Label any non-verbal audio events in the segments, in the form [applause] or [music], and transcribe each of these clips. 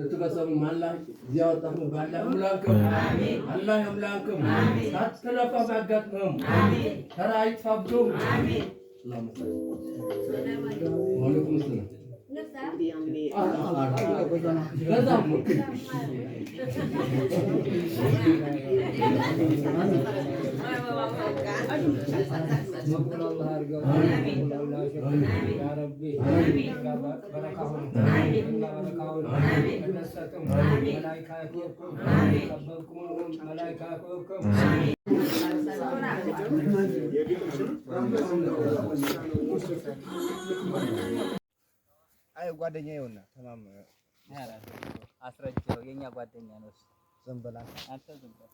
ልትበሰሩ ማላ እያወጣሁ ባላ አምላክም አላህ አምላክም ሳትለፋ ባጋጥመም ተራይ ፋብዶ ሰላም አይ ጓደኛ ይሆና ተማም አስረጅ የኛ ጓደኛ ነው። ዝም ብላ አንተ ዝም ብላ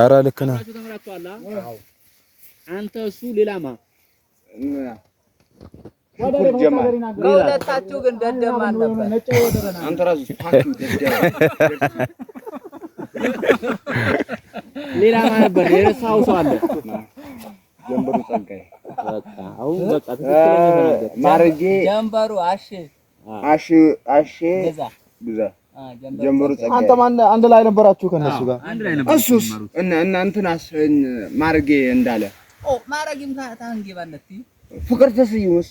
ኧረ ልክ ነህ። አንተ እሱ ሌላማ ከሁለታችሁ ግን ደደብ [laughs] ማን ሌላማ ነበር። የረሳኸው ሰው አለ። ጀንበሩ ጸጋዬ በቃ ጀንበሩ አሽ አሽ አሽ ግዛ አንተ ማን አንድ ላይ ነበራችሁ ከነሱ ጋር? አንድ ላይ እሱስ እና እና እንትናስ ማርጌ እንዳለ ኦ ማርጌም ታንጌ ባለት ፍቅር ተስዩስ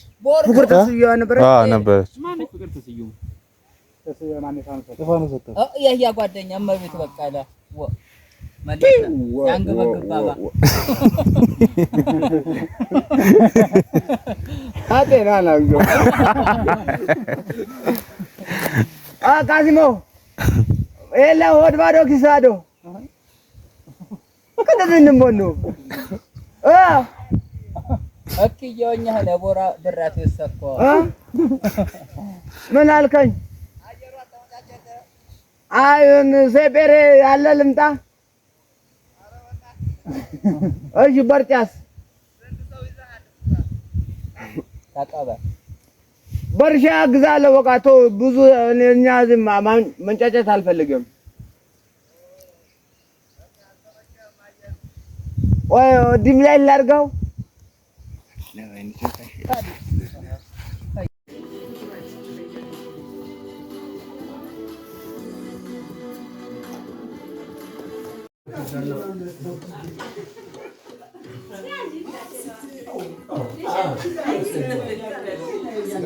ፍቅር ተስዩ ነበር። አዎ ነበረች። ማነው ፍቅር ተስዩ? ተስዩ ማነው? ተፋነው ሰጣ ኦ ያ ጓደኛ እመቤት በቃ ዳ ያንገበግባባ [laughs] ቃሲሞ የለ ሆድ ባዶ ኪስ ባዶ አ አክየውኛ ለቦራ ድራት ይሰኮ ምን አልከኝ? አይን ሴጴሬ ያለ ልምጣ እሺ በርጫስ ተቀበል በርሻ ግዛ ለወቃቶ ብዙ እኛ ዝም መንጫጨት አልፈልግም። ወይ ዲም ላይ ላድርገው።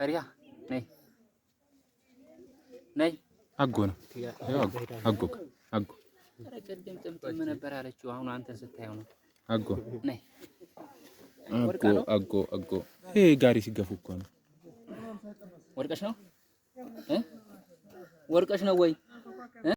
ፈሪሃ ነይ ነይ። አጎ ነው አጎ አጎ። ኧረ ቅድም ጥምጥም ነበር ያለችው። አሁን አንተ ስታየው ነው። አጎ ነይ አጎ አጎ አጎ። ይሄ ጋሪ ሲገፉ እኮ ነው። ወድቀሽ ነው ወድቀሽ ነው ወይ